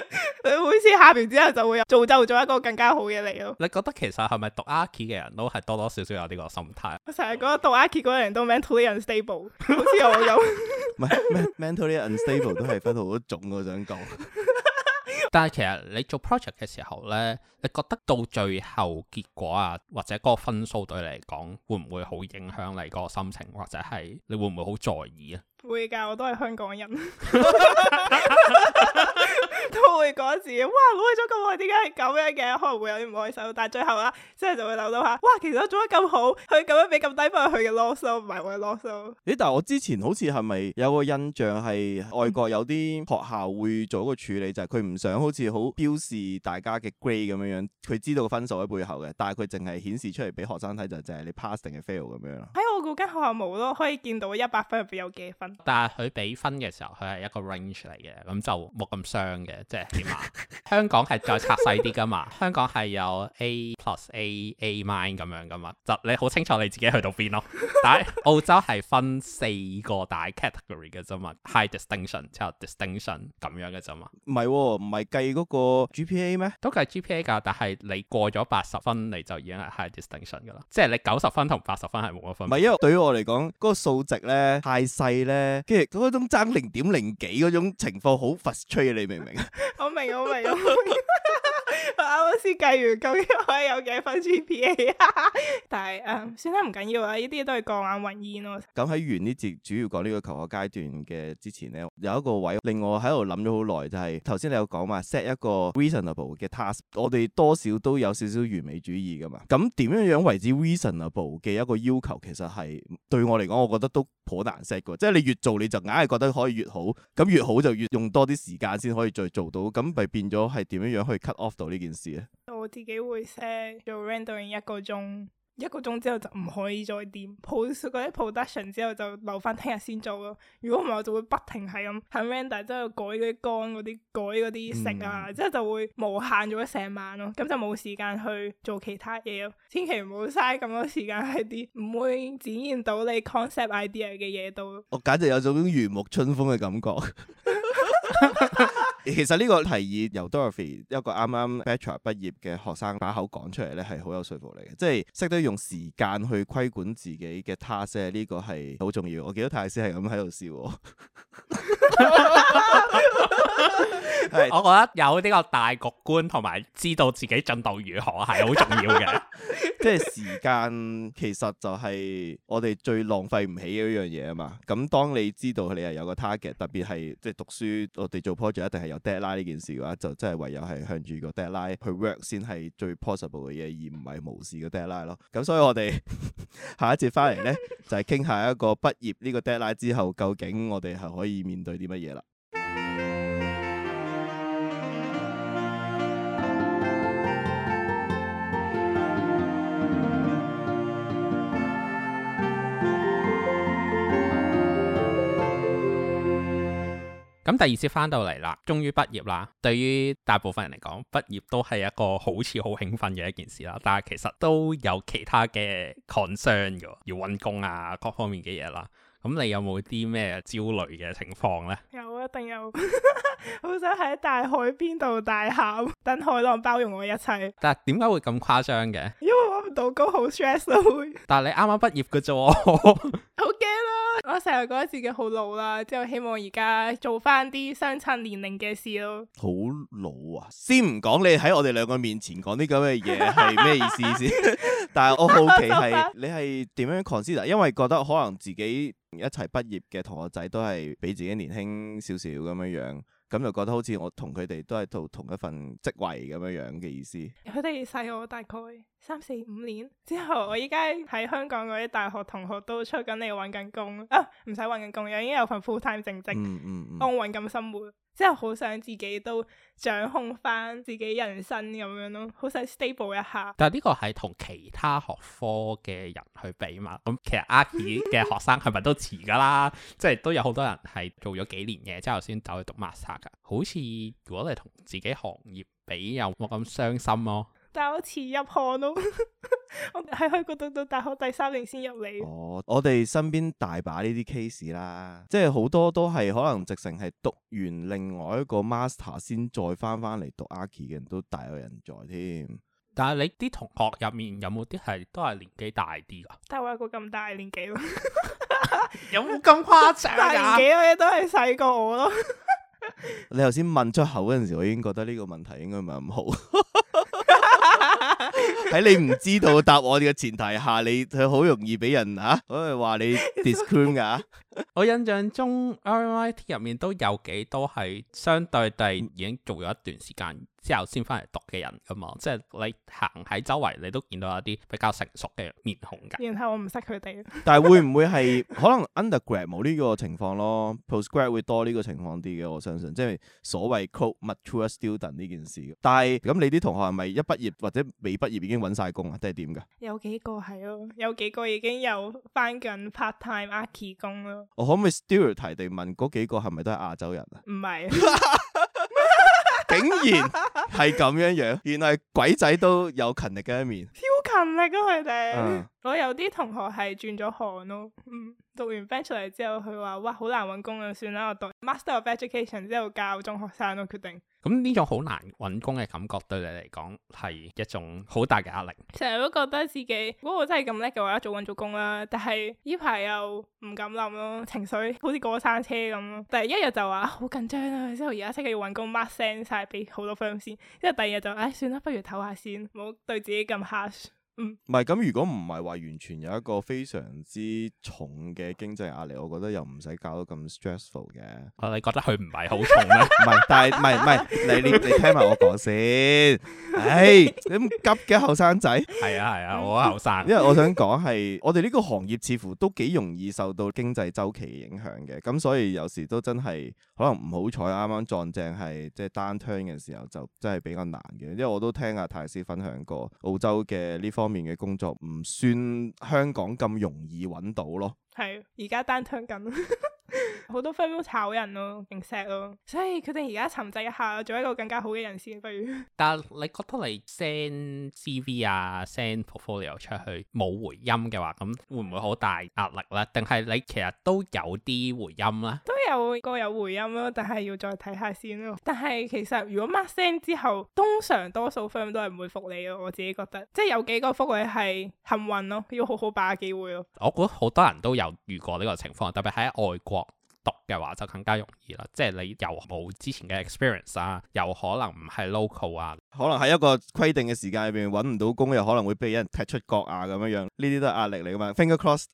你每次喊完之後就會有造就咗一個更加好嘅你咯。你覺得其實係咪讀 arch 嘅人都係多多少少有呢個心態？我成日覺得讀 arch 嗰啲人都 mentally unstable，好似我咁。 [LAUGHS] [LAUGHS] 唔係 mentally unstable 都係分好多種，我想講。 [LAUGHS] 但係其實，你做 project 嘅時候咧，你覺得到最後結果啊，或者嗰個分數對你嚟講會，唔會好影響你個心情，或者係你會，唔會好在意啊？會噶，我都係香港人， [LAUGHS] [LAUGHS] 都會講字。哇，我為咗咁耐，點解係咁樣嘅？可能會有啲唔開心。但係最後啊，即係就會諗到下，哇，其實我做得咁好，佢咁樣俾咁低分，佢嘅 loss 唔係我嘅 loss。咦？但係我之前好似係咪有個印象係外國有啲學校會做一個處理，嗯、就係佢唔想好似好標示大家嘅 grade 咁樣樣，佢知道分數喺背後嘅，但係佢淨係顯示出嚟俾學生睇就淨、是、係你 pass 定係 fail 咁樣咯。喺、欸、我嗰間學校冇咯，可以見到一百分入邊有幾分。但係佢俾分嘅時候，佢係一個 range 嚟嘅，咁就冇咁傷嘅，即係起碼 [LAUGHS] 香港係再拆細啲噶嘛，香港係有 A plus A A minus 咁樣噶嘛，就你好清楚你自己去到邊咯。 [LAUGHS] 但係澳洲係分四個大 category 嘅啫嘛，high distinction 之後 distinction 咁樣嘅啫嘛，唔係唔係計個 GPA 咩？都計 GPA 噶，但係你過咗八十分，你就已經係 high distinction 噶啦。即係你九十分同八十分係冇乜分別。唔係因為對於我嚟講，嗰個數值咧太細咧。誒，跟住嗰種爭零點零幾嗰種情況，好 frustrate，你明唔 [LAUGHS] 明啊？我明，我明，我明。 [LAUGHS] 我啱啱先計完究竟可以有幾分 GPA [LAUGHS] 但係誒、嗯，算啦，唔緊要啊，呢啲都係過眼雲煙咯。咁喺完呢節主要講呢個求學階段嘅之前咧，有一個位令我喺度諗咗好耐，就係頭先你有講話，set 一個 reasonable 嘅 task，我哋多少都有少少完美主義噶嘛。咁點樣樣為之 reasonable 嘅一個要求，其實係對我嚟講，我覺得都頗難 set 嘅，即係你越做你就硬係覺得可以越好，咁越好就越用多啲時間先可以再做到，咁咪變咗係點樣樣去 cut off。做呢件事咧，我自己會 set 做 rendering 一個鐘，一個鐘之後就唔可以再掂。post 嗰啲 production 之後就留翻聽日先做咯。如果唔係，我就會不停係咁喺 render，即係改嗰啲光、嗰啲改啲色啊，之後、嗯、就會無限咗成晚咯。咁就冇時間去做其他嘢咯。千祈唔好嘥咁多時間喺啲唔會展現到你 concept idea 嘅嘢度。我簡直有種如沐春風嘅感覺。 [LAUGHS] 其實呢個提議由 Dorothy 一個啱啱 Bachelor 畢業嘅學生把口講出嚟呢係好有說服力嘅。即係識得用時間去規管自己嘅 task，呢個係好重要。我見到泰斯係咁喺度笑，我覺得有呢個大局觀同埋知道自己進度如何係好重要嘅。 [LAUGHS] 即係時間，其實就係我哋最浪費唔起嘅一樣嘢啊嘛。咁當你知道你係有個 target，特別係即係讀書，我哋做 project 一定係有 deadline 呢件事嘅話，就真係唯有係向住個 deadline 去 work 先係最 possible 嘅嘢，而唔係無視個 deadline 咯。咁所以我哋 [LAUGHS] 下一節翻嚟咧，就係、是、傾下一個畢業呢個 deadline 之後，究竟我哋係可以面對啲乜嘢啦。咁第二次翻到嚟啦，終於畢業啦。對於大部分人嚟講，畢業都係一個好似好興奮嘅一件事啦。但係其實都有其他嘅 concern 嘅，要揾工啊，各方面嘅嘢啦。咁你有冇啲咩焦慮嘅情況呢？有啊，一定有，好 [LAUGHS] 想喺大海邊度大喊，等海浪包容我一切。但係點解會咁誇張嘅？因為搵唔到工，好 stress 咯。但係你啱啱畢業嘅啫，好驚啦！我成日覺得自己好老啦，之後希望而家做翻啲相襯年齡嘅事咯。好老啊！先唔講，你喺我哋兩個面前講啲咁嘅嘢係咩意思先？ [LAUGHS] [LAUGHS] 但係我好奇係你係點樣 consider? 因為覺得可能自己一齊畢業嘅同學仔都係比自己年輕少少咁樣樣，咁就覺得好似我同佢哋都係做同一份職位咁樣樣嘅意思。佢哋細我大概。三四五年之後，我依家喺香港嗰啲大學同學都出緊嚟揾緊工啊，唔使揾緊工，又已經有份 full time 正職，安穩咁生活。之後好想自己都掌控翻自己人生咁樣咯，好想 stable 一下。但係呢個係同其他學科嘅人去比嘛，咁其實阿 k 嘅學生係咪都遲噶啦？ [LAUGHS] 即係都有好多人係做咗幾年嘢之後先走去讀 master 㗎。好似如果你同自己行業比，有冇咁傷心咯？就好似入行咯， [LAUGHS] 我喺香港讀到大學第三年先入嚟。哦，我哋身邊大把呢啲 case 啦，即係好多都係可能直程係讀完另外一個 master 先再返返嚟讀 arch 嘅人都大有人在添。但係你啲同學入面有冇啲係都係年紀大啲㗎？但係我一個咁大年紀咯， [LAUGHS] [LAUGHS] 有冇咁誇張？大年紀嘅都係細過我咯。 [LAUGHS] 你頭先問出口嗰陣時，我已經覺得呢個問題應該唔係咁好。 [LAUGHS] 喺 [LAUGHS] 你唔知道答案嘅前提下，你佢好容易俾人吓、啊，可以話你 discrim 㗎。 [LAUGHS] 我印象中 RMIT 入面，都有幾多係相對地已經做咗一段時間。之後先翻嚟讀嘅人㗎嘛，即係你行喺周圍，你都見到有啲比較成熟嘅面孔㗎。然後我唔識佢哋。但係會唔會係可能 undergrad 冇、er、呢個情況咯 [LAUGHS] ，postgrad、er、會多呢個情況啲嘅，我相信。即係所謂 called mature student 呢件事。但係咁，你啲同學係咪一畢業或者未畢業已經揾晒工啊？即係點㗎？有幾個係咯、哦，有幾個已經有翻緊 part time 阿奇工咯。我可唔可以 stereotype、er、地問嗰幾個係咪都係亞洲人啊？唔係是。 [LAUGHS] [LAUGHS] 竟然係咁樣樣，原來鬼仔都有勤力嘅一面， [LAUGHS] 超勤力啊佢哋。我有啲同學係轉咗行咯、嗯，讀完 Bachelor 嚟之後，佢話：哇，好難揾工啊，算啦，我讀 [MUSIC] Master of Education 之後教中學生咯，決定。咁呢種好難揾工嘅感覺對你嚟講係一種好大嘅壓力。成日都覺得自己，如果我真係咁叻嘅話，一早揾咗工啦。但係呢排又唔敢諗咯，情緒好似過山車咁。但係一日就話好、啊、緊張啦、啊，之後而家即刻要揾工，mark send 曬俾好多 friend 先。之後第二日就唉、哎，算啦，不如唞下先，唔好對自己咁 harsh。唔係咁，嗯、如果唔係話完全有一個非常之重嘅經濟壓力，我覺得又唔使搞到咁 stressful 嘅。你覺得佢唔係好重咩？唔係， [LAUGHS] 但係唔係唔係，你你你聽埋我講先。唉、哎，你咁急嘅後生仔，係啊係啊，我後生。因為我想講係，我哋呢個行業似乎都幾容易受到經濟周期影響嘅，咁所以有時都真係可能唔好彩，啱啱撞正係即係 downturn 嘅時候就真係比較難嘅。因為我都聽阿泰師分享過澳洲嘅呢方。方面嘅工作唔算香港咁容易揾到咯，係而家單槍咁。 [LAUGHS] 好 [LAUGHS] 多 firm 都炒人咯，勁 sad 咯，所以佢哋而家沉寂一下，做一個更加好嘅人先，不如。但係你覺得你 send CV 啊，send portfolio 出去冇回音嘅話，咁會唔會好大壓力咧？定係你其實都有啲回音啦？都有個有回音咯，但係要再睇下先咯。但係其實如果 mark send 之後，通常多數 firm 都係唔會覆你咯。我自己覺得，即係有幾個覆嘅係幸運咯，要好好把握機會咯。我覺得好多人都有遇過呢個情況，特別喺外國。讀嘅話就更加容易啦，即係你又冇之前嘅 experience 啊，又可能唔係 local 啊，可能喺一個規定嘅時間入邊揾唔到工，又可能會俾人踢出國啊，咁樣樣，呢啲都係壓力嚟㗎嘛。Finger cross。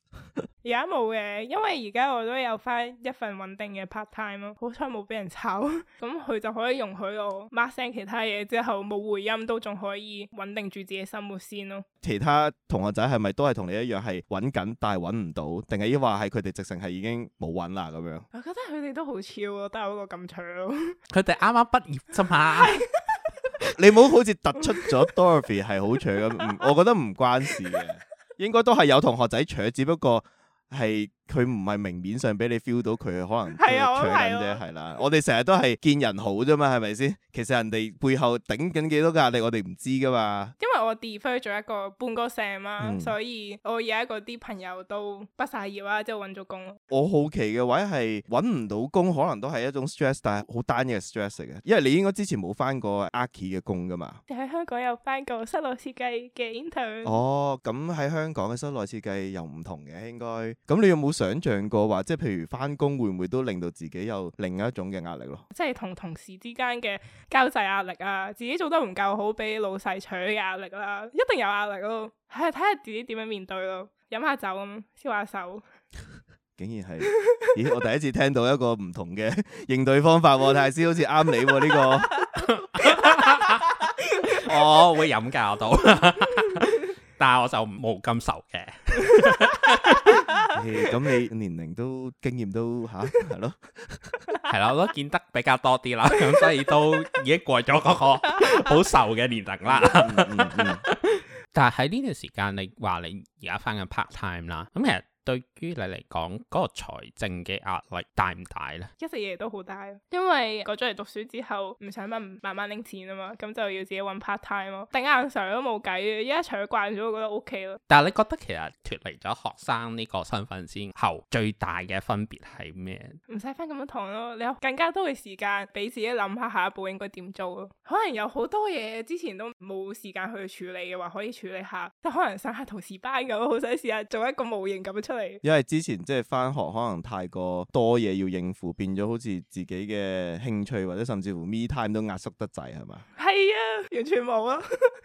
而家冇嘅，因為而家我都有翻一份穩定嘅 part time 咯，好彩冇俾人炒，咁佢就可以容許我 marking 其他嘢，之後冇回音都仲可以穩定住自己生活先咯。其他同學仔係咪都係同你一樣係搵緊，但係搵唔到，定係話係佢哋直情係已經冇搵啦咁樣？我覺得佢哋都好超咯，但係嗰個咁長，佢哋啱啱畢業啫嘛，你唔好好似突出咗 Dorothy 係好長，我覺得唔關事嘅。應該都係有同學仔搶，只不過，係。佢唔係明面上俾你 feel 到佢可能俾啊，緊啫，係啦。我哋成日都係見人好啫嘛，係咪先？其實人哋背後頂緊幾多壓力，我哋唔知噶嘛。因為我 defer 咗一個半個嘛 semester 所以我而家嗰啲朋友都畢晒業啦，啊，即係揾咗工。我好奇嘅位係揾唔到工，可能都係一種 stress，但係好單嘅 stress 嚟嘅，因為你應該之前冇翻過 archi 嘅工噶嘛。你喺香港有翻過室內設計嘅 intern？哦，咁喺香港嘅室內設計又唔同嘅，應該。咁你有冇？想象過話，即係譬如返工會唔會都令到自己有另一種嘅壓力咯？即係同同事之間嘅交際壓力啊，自己做得唔夠好，俾老細取壓力啦，一定有壓力咯。睇下睇下自己點樣面對咯，飲下酒咁消下愁，竟然係咦！我第一次聽到一個唔同嘅應對方法，太師好似啱你喎呢個，我會飲教到。但係我就冇咁愁嘅，咁你年齡都經驗都吓係咯，係、嗯、咯，我都見得比較多啲啦，咁所以都已經過咗嗰個好愁嘅年齡啦。但係喺呢段時間，你話你而家返緊 part time 啦，咁、嗯、咩？對於你嚟講，嗰、那個財政嘅壓力大唔大咧？一食嘢都好大，因為過咗嚟讀書之後，唔上班，慢慢拎錢啊嘛，咁就要自己揾 part time 咯，頂硬上都冇計嘅。依家習慣咗，我覺得 OK 咯。但係你覺得其實脱離咗學生呢個身份先，後，最大嘅分別係咩？唔使返咁多堂咯，你有更加多嘅時間俾自己諗下下一步應該點做咯。可能有好多嘢之前都冇時間去處理嘅話，可以處理下。即係可能上下同事班咁，好使試下做一個模型咁出。因為之前即係返學，可能太過多嘢要應付，變咗好似自己嘅興趣或者甚至乎 me time 都壓縮得滯，係嘛？係啊，完全冇啊！ [LAUGHS]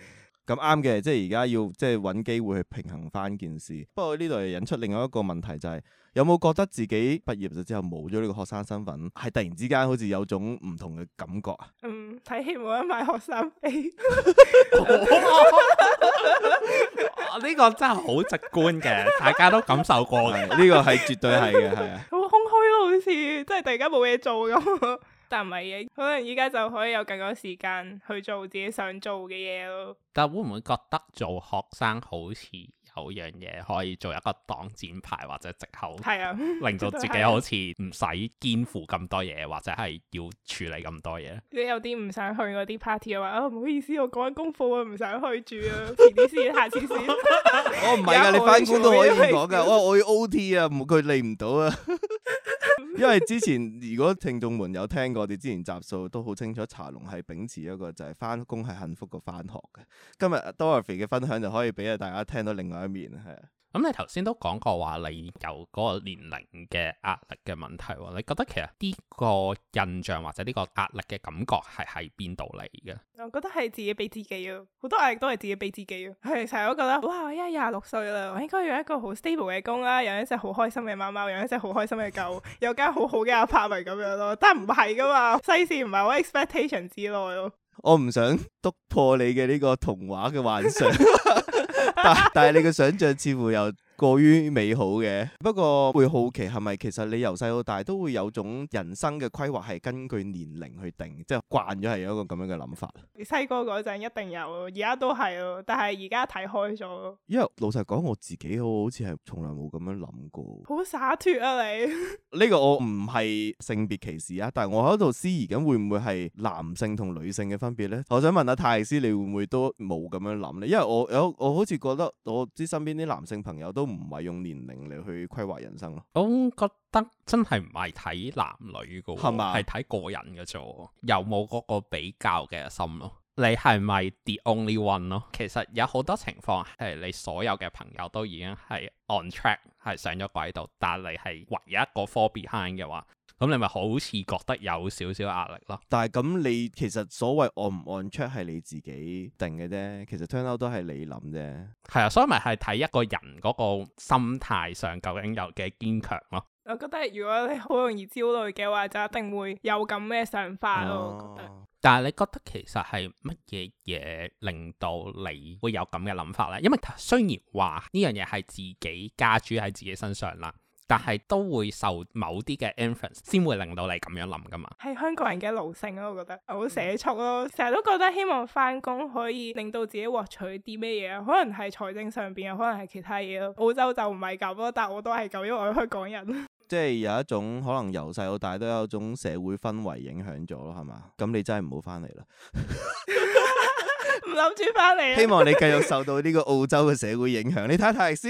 咁啱嘅，即係而家要即係揾機會去平衡翻件事。不過呢度又引出另外一個問題，就係，就係有冇覺得自己畢業咗之後冇咗呢個學生身份，係突然之間好似有種唔同嘅感覺啊？嗯，睇戲冇得買學生票。呢、呢個真係好直觀嘅，大家都感受過嘅，呢 [LAUGHS] 個係絕對係嘅，係啊。 [LAUGHS] 好空虛咯，好似即係突然間冇嘢做咁。 [LAUGHS] 但唔係嘅，可能依家就可以有更多時間去做自己想做嘅嘢咯。但會唔會覺得做學生好似有一樣嘢可以做一個擋箭牌或者借口？係啊，令到自己好似唔使肩負咁多嘢，或者係要處理咁多嘢。即有啲唔想去嗰啲 party 啊，唔好意思，我講緊功課啊，唔想去住啊，遲啲先，下次先。我唔係噶，你翻工都可以唔講噶。我我要 O T 啊，唔佢理唔到啊。 [LAUGHS] 因為之前如果聽眾們有聽過，我哋之前集數都好清楚，茶龍係秉持一個就係翻工係幸福過翻學嘅。今日 Dorothy 嘅分享就可以俾啊大家聽到另外一面，係啊。咁你頭先都講過話你有嗰個年齡嘅壓力嘅問題、哦，你覺得其實呢個印象或者呢個壓力嘅感覺係喺邊度嚟嘅？我覺得係自己俾自己咯，好多壓力都係自己俾自己咯。係成日都覺得哇，我依家廿六歲啦，我應該要一個好 stable 嘅工啦，啊，養一隻好開心嘅貓貓，養一隻好開心嘅狗， [LAUGHS] 有間好好嘅阿帕米咁樣咯。但係唔係噶嘛，世事唔係我 expectation 之內咯。我唔想督破你嘅呢個童話嘅幻想。 [LAUGHS] [LAUGHS] 但但係你嘅想像似乎又～過於美好嘅，不過會好奇係咪其實你由細到大都會有種人生嘅規劃係根據年齡去定，即係慣咗係有一個咁樣嘅諗法。你細個嗰陣一定有，而家都係，但係而家睇開咗。因為老實講，我自己我好似係從來冇咁樣諗過。好灑脱啊！你呢 [LAUGHS] 個我唔係性別歧視啊，但係我喺度思疑緊會唔會係男性同女性嘅分別呢？我想問下、啊、泰斯，你會唔會都冇咁樣諗呢？因為我有我好似覺得我啲身邊啲男性朋友都。唔係用年齡嚟去規劃人生咯，我覺得真係唔係睇男女噶，係嘛吧？係睇個人嘅啫，有冇嗰個比較嘅心咯？你係咪 the only one 咯？其實有好多情況係你所有嘅朋友都已經係 on track 係上咗軌道，但你係唯一一個 fall behind 嘅話。咁你咪好似覺得有少少壓力咯？但係咁你其實所謂按唔按 check 係你自己定嘅啫，其實 turn out 都係你諗啫。係啊，所以咪係睇一個人嗰個心態上究竟有幾堅強咯。我覺得如果你好容易焦慮嘅話，就一定會有咁嘅想法咯。哦、但係你覺得其實係乜嘢嘢令到你會有咁嘅諗法咧？因為雖然話呢樣嘢係自己加注喺自己身上啦。但係都會受某啲嘅 influence 先會令到你咁樣諗噶嘛？係香港人嘅奴性咯、啊，我覺得好社畜咯，成日、啊嗯、都覺得希望翻工，可以令到自己獲取啲咩嘢？可能係財政上邊，又可能係其他嘢咯。澳洲就唔係咁咯，但我都係咁，因為我香港人。即係有一種可能由細到大都有種社會氛圍影響咗咯，係嘛？咁你真係唔好翻嚟啦，唔諗住翻嚟。希望你繼續受到呢個澳洲嘅社會影響。你睇下泰斯。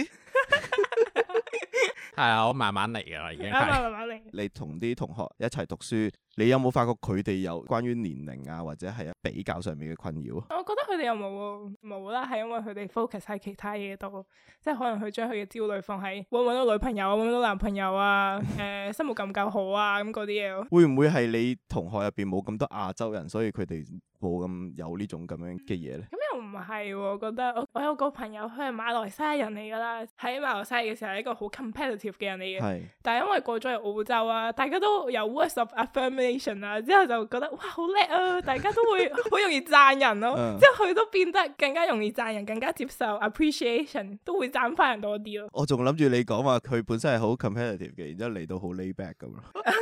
係啊，我慢慢嚟噶啦，已經。啊，慢慢嚟。 [LAUGHS] 你同啲同學一齊讀書。你有冇發覺佢哋有關於年齡啊，或者係比較上面嘅困擾啊？我覺得佢哋又冇喎，冇啦，係因為佢哋 focus 喺其他嘢度，即係可能佢將佢嘅焦慮放喺揾唔到女朋友啊，揾唔到男朋友啊，誒，ượng uh, 生活夠唔夠好啊，咁嗰啲嘢。會唔會係你同學入邊冇咁多亞洲人，所以佢哋冇咁有，有這種這呢種咁樣嘅嘢咧？咁、嗯、literal ness 又唔係喎，覺得、Je、我有個朋友佢係馬來西亞人嚟㗎啦，喺馬來西亞嘅時候係一個好 competitive 嘅人嚟嘅，是 但係因為過咗去澳洲啊，大家都有 words of affirmation 之後就覺得哇好叻啊，大家都會好容易讚人咯、啊， [LAUGHS] 之後佢都變得更加容易讚人，更加接受 appreciation，都會讚返人多啲咯。我仲諗住你講話佢本身係好 competitive 嘅，然之後嚟到好 lay back 咁咯。 [LAUGHS]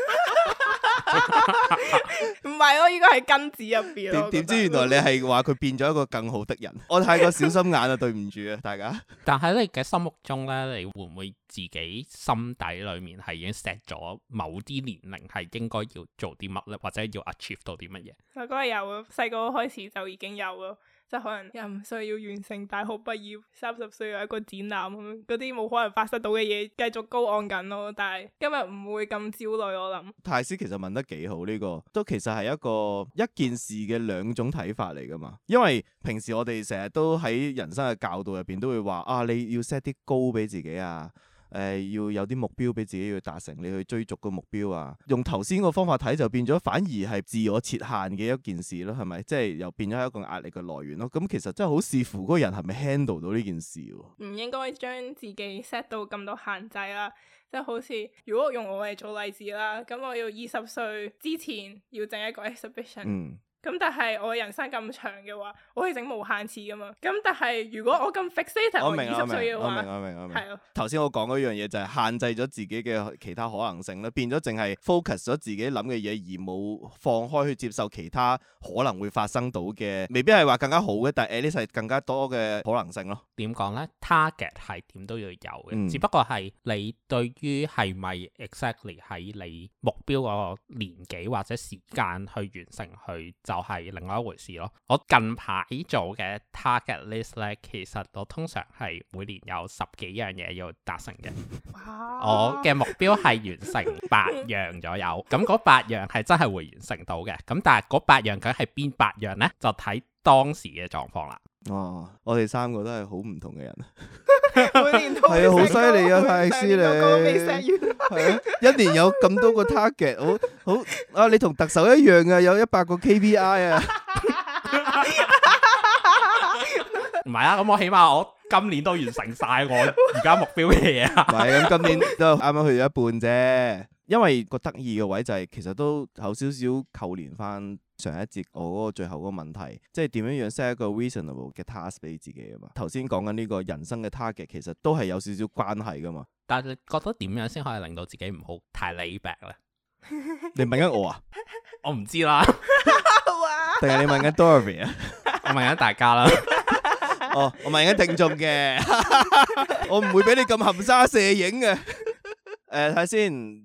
唔係，我、 [LAUGHS] [LAUGHS] 啊、應該係根子入邊。點點知原來你係話佢變咗一個更好的人？ [LAUGHS] 我太過小心眼啊， [LAUGHS] 對唔住啊，大家。但喺你嘅心目中咧，你會唔會自己心底裏面係已經 set 咗某啲年齡係應該要做啲乜咧，或者要 achieve 到啲乜嘢？我嗰個有，細個開始就已經有咯。即係可能又唔需要完成大學畢業，三十歲有一個展覽咁樣，嗰啲冇可能發生到嘅嘢繼續高昂緊咯，但係今日唔會咁焦慮，我諗。太師其實問得幾好呢個，都其實係一個一件事嘅兩種睇法嚟噶嘛。因為平時我哋成日都喺人生嘅教導入邊都會話啊，你要 set 啲高俾自己啊。誒、呃、要有啲目標俾自己要達成，你去追逐個目標啊！用頭先個方法睇就變咗，反而係自我設限嘅一件事咯，係咪？即係又變咗一個壓力嘅來源咯。咁其實真係好視乎嗰個人係咪 handle 到呢件事喎？唔應該將自己 set 到咁多限制啦。即係好似如果用我嚟做例子啦，咁我要二十歲之前要整一個 exhibition。咁但係我人生咁長嘅話，我可以整無限次噶嘛？咁但係如果我咁 fixate，我二十歲嘅話，我明我，我明我明我明係。頭先我講嗰樣嘢就係限制咗自己嘅其他可能性咧，變咗淨係 focus 咗自己諗嘅嘢，而冇放開去接受其他可能會發生到嘅，未必係話更加好嘅，但係呢係更加多嘅可能性咯。點講咧？Target 係點都要有嘅，嗯、只不過係你對於係咪 exactly 喺你目標嗰個年紀或者時間去完成去就係另外一回事咯。我近排做嘅 target list 咧，其實我通常係每年有十幾樣嘢要達成嘅。哇我嘅目標係完成八樣左右，咁嗰 [LAUGHS] 八樣係真係會完成到嘅。咁但係嗰八樣梗係邊八樣呢？就睇當時嘅狀況啦。哦，我哋三個都係好唔同嘅人。 [LAUGHS] 係啊，好犀利啊，泰斯。你，一年有咁多個 target，好，好啊，你同特首一樣啊，有一百個 KPI 啊，唔 [LAUGHS] 係 [LAUGHS] 啊，咁我起碼我今年都完成晒我而家目標嘅嘢 [LAUGHS] 啊，唔係，咁今年都啱啱去咗一半啫。因為個得意嘅位就係其實都有少少，少扣連翻上一節我嗰個最後嗰個問題，即係點樣樣 set 一個 reasonable 嘅 task 俾自己啊嘛。頭先講緊呢個人生嘅 target 其實都係有少少關係噶嘛。但係你覺得點樣先可以令到自己唔好太 lay back 咧？你問緊我啊？ [LAUGHS] 我唔知啦。定係你問緊 Dorothy 啊？ [LAUGHS] 我問緊大家啦。 [LAUGHS] 哦，我問緊聽眾嘅。 [LAUGHS] 我唔會俾你咁含沙射影嘅。誒、 [LAUGHS] 呃，睇先。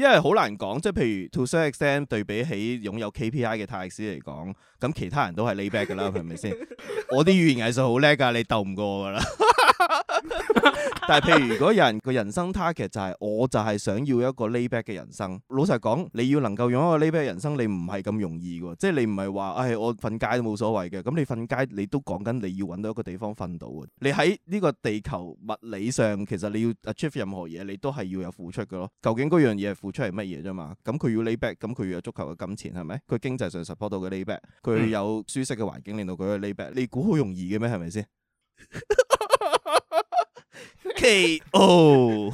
因為好難講，即係譬如 to certain extent 對比起擁有 KPI 嘅泰力嚟講，咁其他人都係 layback 㗎啦，係咪先？我啲語言藝術好叻㗎，你鬥唔過㗎啦。 [LAUGHS] [LAUGHS] [LAUGHS] 但係譬如如果有人個人生，他其實就係我就係想要一個 layback 嘅人生。老實講，你要能夠用一個 layback 嘅人生，你唔係咁容易㗎。即係你唔係話，唉、哎，我瞓街都冇所謂嘅。咁你瞓街，你都講緊你要揾到一個地方瞓到。你喺呢個地球物理上，其實你要 achieve 任何嘢，你都係要有付出嘅咯。究竟嗰樣嘢係付出嚟乜嘢啫嘛？咁佢要 lay back，咁佢要有足球嘅金錢，係咪？佢經濟上 support 到嘅 lay back，佢有舒適嘅環境令到佢去 lay back。你估好容易嘅咩？係咪先？K.O.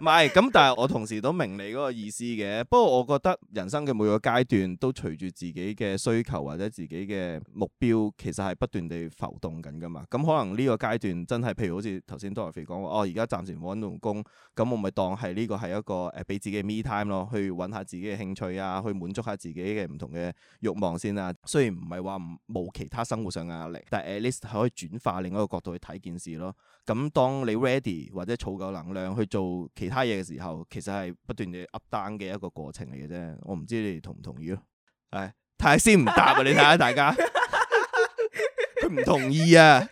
唔係咁，但係我同時都明你嗰個意思嘅。不過我覺得人生嘅每個階段都隨住自己嘅需求或者自己嘅目標，其實係不斷地浮動緊㗎嘛。咁可能呢個階段真係，譬如好似頭先 Dorothy 講話，哦而家暫時揾唔到工，咁我咪當係呢個係一個誒俾、呃、自己嘅 me time 咯，去揾下自己嘅興趣啊，去滿足下自己嘅唔同嘅欲望先啊。雖然唔係話冇其他生活上嘅壓力，但係 at least 係可以轉化另一個角度去睇件事咯。咁當你 ready 或者儲夠能量去做其他嘢嘅時候，其實係不斷嘅 up down 嘅一個過程嚟嘅啫。我唔知你哋同唔同意咯。係睇下先唔答啊！ [LAUGHS] 你睇下大家，佢唔同意啊！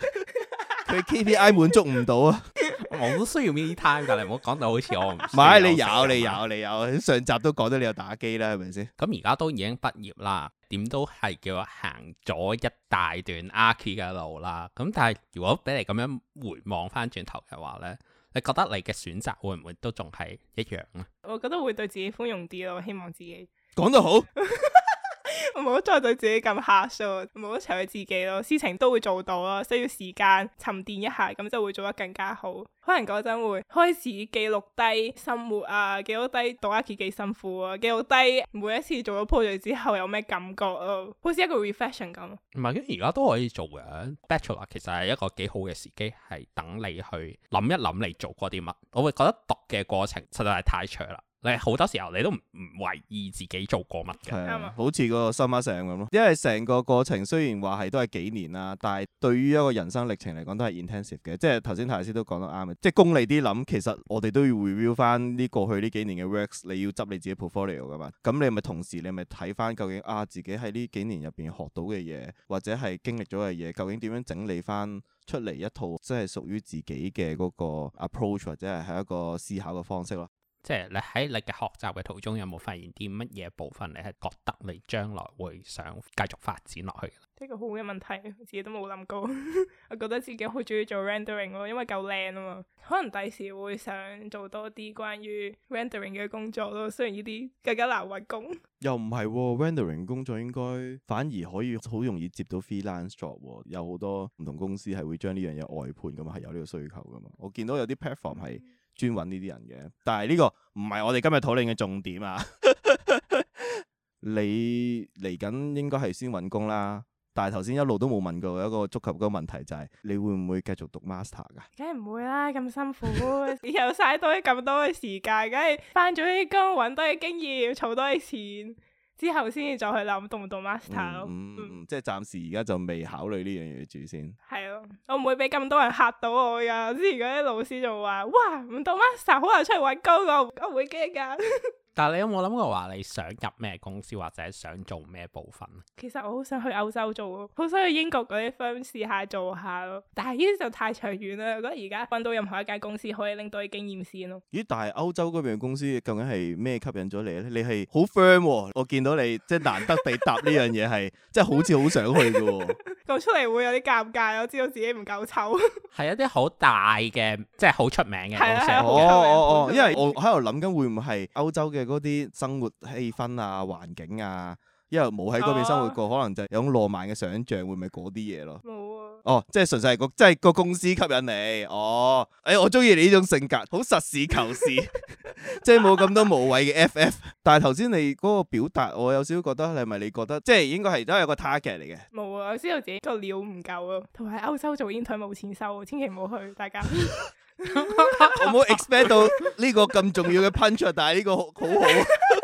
佢 KPI 滿足唔到啊！ [LAUGHS] 我都需要呢啲 time 噶，你唔好講到好似我唔係你有你有你有，你有，上集都講到你有打機啦，係咪先？咁而家都已經畢業啦，點都係叫行咗一大段 archi 嘅路啦。咁但係如果俾你咁樣回望翻轉頭嘅話咧？你覺得你嘅選擇會唔會都仲係一樣咧？我覺得會對自己寬容啲咯，希望自己講得好。 [LAUGHS] 唔好再對自己咁下數，唔好除咗自己咯。事情都會做到咯，需要時間沉澱一下，咁就會做得更加好。可能嗰陣會開始記錄低生活啊，記錄低讀一次幾辛苦啊，記錄低每一次做咗 project 之後有咩感覺啊，好似一個 reflection 咁。唔係，而家都可以做嘅。Bachelor 其實係一個幾好嘅時機，係等你去諗一諗你做過啲乜。我會覺得讀嘅過程實在係太長啦。好多時候你都唔唔懷疑自己做過乜嘅，係啊，好似個 summer camp 咁咯。因為成個過程雖然話係都係幾年啦，但係對於一個人生歷程嚟講都係 intensive 嘅。即係頭先泰師都講得啱嘅，即係功利啲諗，其實我哋都要 review 翻呢過去呢幾年嘅 works，你要執你自己 portfolio 噶嘛。咁你咪同時，你咪睇翻究竟啊自己喺呢幾年入邊學到嘅嘢，或者係經歷咗嘅嘢，究竟點樣整理翻出嚟一套即係屬於自己嘅嗰個 approach，或者係係一個思考嘅方式咯。即係你喺你嘅學習嘅途中，有冇發現啲乜嘢部分，你係覺得你將來會想繼續發展落去嘅？呢個好嘅問題，自己都冇諗過。 [LAUGHS] 我覺得自己好中意做 rendering 咯，因為夠靚啊嘛。可能第時會想做多啲關於 rendering 嘅工作咯。雖然呢啲更加難揾工。又唔係喎，rendering 工作，應該反而可以好容易接到 freelance job，有好多唔同公司係會將呢樣嘢外判噶嘛，係有呢個需求噶嘛。我見到有啲 platform 係、嗯。專揾呢啲人嘅，但係呢個唔係我哋今日討論嘅重點啊！ [LAUGHS] 你嚟緊應該係先揾工啦，但係頭先一路都冇問過一個觸及嘅問題，就係，就係你會唔會繼續讀 master 㗎？梗係唔會啦，咁辛苦你又嘥多咁多嘅時間，梗係返咗啲工揾多啲經驗，儲多啲錢。之後先至再去諗讀唔讀 master 咯、嗯，嗯嗯、即係暫時而家就未考慮呢樣嘢住先。係咯，我唔會俾咁多人嚇到我噶。之前嗰啲老師就話：哇，唔讀，讀 master 好難出嚟搵工噶，我唔會驚噶。 [LAUGHS] 但係你有冇諗過話你想入咩公司或者想做咩部分？其實我好想去歐洲做咯，好想去英國嗰啲 firm 試下做下咯。但係呢啲就太長遠啦，我覺得而家揾到任何一間公司可以拎到啲經驗先咯。咦？但係歐洲嗰邊嘅公司究竟係咩吸引咗你咧？你係好 firm，我見到你即係難得地答呢樣嘢係，即係好似好想去嘅。講 [LAUGHS] 出嚟會有啲尷尬，我知道自己唔夠抽。係 [LAUGHS] 一啲好大嘅，即係好出名嘅公司。哦哦、啊、想哦，哦因為我我喺度諗緊會唔會係歐洲嘅。嗰啲生活氣氛啊、環境啊，因為冇喺嗰邊生活過，啊、可能就係有種浪漫嘅想象會唔會嗰啲嘢咯？.哦，即係純粹係個，即係個公司吸引你，哦，哎，我中意你呢種性格，好實事求是， [LAUGHS] 即係冇咁多無謂嘅 FF。 [LAUGHS] 但係頭先你嗰個表達，我有少少覺得係咪你覺得，即係應該係都係有個 target 嚟嘅。冇啊，我知道自己個料唔夠啊，同埋歐洲做 intern 冇錢收、啊，千祈唔好去，大家。我冇 expect 到呢個咁重要嘅 punch、啊、但係呢個好，好好。 [LAUGHS] [LAUGHS]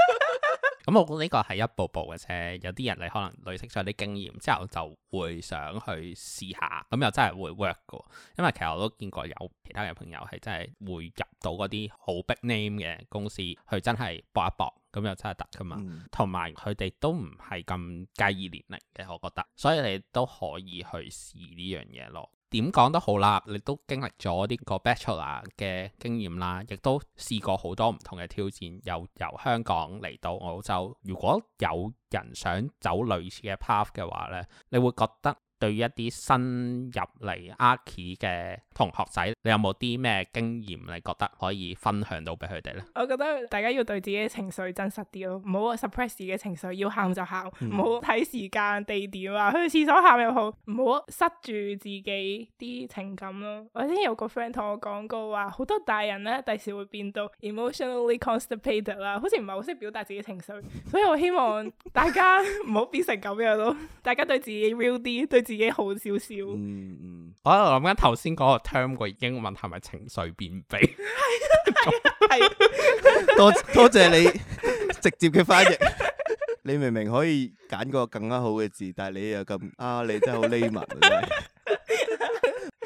咁我覺得呢個係一步步嘅啫，有啲人你可能累積咗啲經驗之後就會想去試下，咁又真係會 work 嘅。因為其實我都見過有其他嘅朋友係真係會入到嗰啲好 big name 嘅公司去拼拼，去，真係搏一搏，咁又真係得噶嘛。同埋佢哋都唔係咁介意年齡嘅，我覺得，所以你都可以去試呢樣嘢咯。點講都好啦，你都經歷咗呢個 bachelor 嘅經驗啦，亦都試過好多唔同嘅挑戰。又由香港嚟到澳洲，如果有人想走類似嘅 path 嘅話呢，你會覺得？對於一啲新入嚟 archi 嘅同學仔，你有冇啲咩經驗？你覺得可以分享到俾佢哋呢？我覺得大家要對自己情緒真實啲咯，唔好 suppress 自己嘅情緒，要喊就喊，唔好睇時間、地點啊，去廁所喊又好，唔好塞住自己啲情感咯。我之前有個 friend 同我講過話，好多大人呢，第時會變到 emotionally constipated 啦，好似唔係好識表達自己情緒，所以我希望大家唔好 [LAUGHS] 變成咁樣咯。大家對自己 real 啲，對。自己好少少。嗯嗯，我喺度諗緊頭先嗰個 term 個英文係咪情緒便祕？係係，多多謝你 [LAUGHS] [LAUGHS] 直接嘅翻譯。 [LAUGHS] 你明明可以揀個更加好嘅字，但係你又咁啊！你真係好 literal。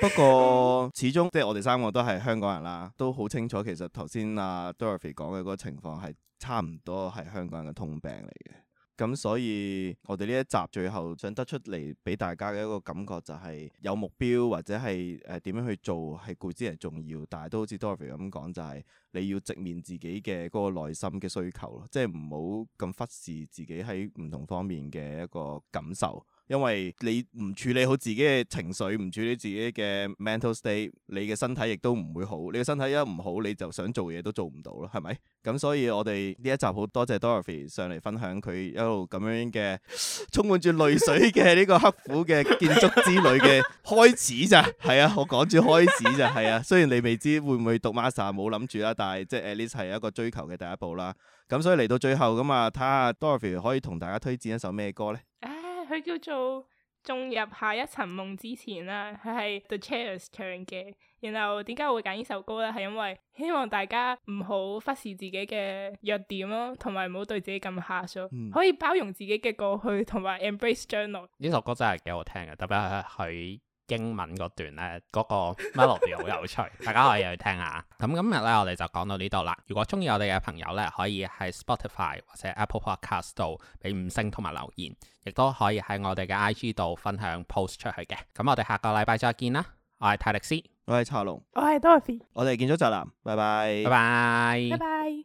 不過始終即係我哋三個都係香港人啦，都好清楚，其實頭先啊 Dorothy 講嘅嗰個情況係差唔多係香港人嘅通病嚟嘅。咁所以我哋呢一集最後想得出嚟俾大家嘅一個感覺就係有目標或者係誒點樣去做係固之然係重要，但係都好似 Dorothy 咁講就係、是、你要直面自己嘅嗰個內心嘅需求咯，即係唔好咁忽視自己喺唔同方面嘅一個感受。因為你唔處理好自己嘅情緒，唔處理自己嘅 mental state，你嘅身體亦都唔會好。你嘅身體一唔好，你就想做嘢都做唔到咯，係咪？咁所以我哋呢一集好多謝 Dorothy 上嚟分享佢一路咁樣嘅 [LAUGHS] 充滿住淚水嘅呢個刻苦嘅建築之旅嘅開始咋。係 [LAUGHS] 啊，我講住開始咋，係啊，雖然你未知會唔會讀 master，冇諗住啦，但係即係 at least 係一個追求嘅第一步啦。咁所以嚟到最後咁啊，睇下 Dorothy 可以同大家推薦一首咩歌呢？佢叫做《進入下一層夢之前》啦，佢係 The Chairs 唱嘅。然後點解我會揀呢首歌咧？係因為希望大家唔好忽視自己嘅弱點咯，同埋唔好對自己咁 harsh，可以包容自己嘅過去，同埋 embrace 將來。呢首歌真係幾好聽嘅，特別係喺英文嗰段咧，嗰、那個 melody 好 [LAUGHS] 有趣，大家可以去聽下。咁 [LAUGHS] 今日咧，我哋就講到呢度啦。如果中意我哋嘅朋友咧，可以喺 Spotify 或者 Apple Podcast 度俾五星同埋留言，亦都可以喺我哋嘅 IG 度分享 post 出去嘅。咁、嗯、我哋下個禮拜再見啦。我係泰力斯，我係查龍，我係 Dorothy。我哋建築宅男，拜拜，拜拜 bye，拜拜。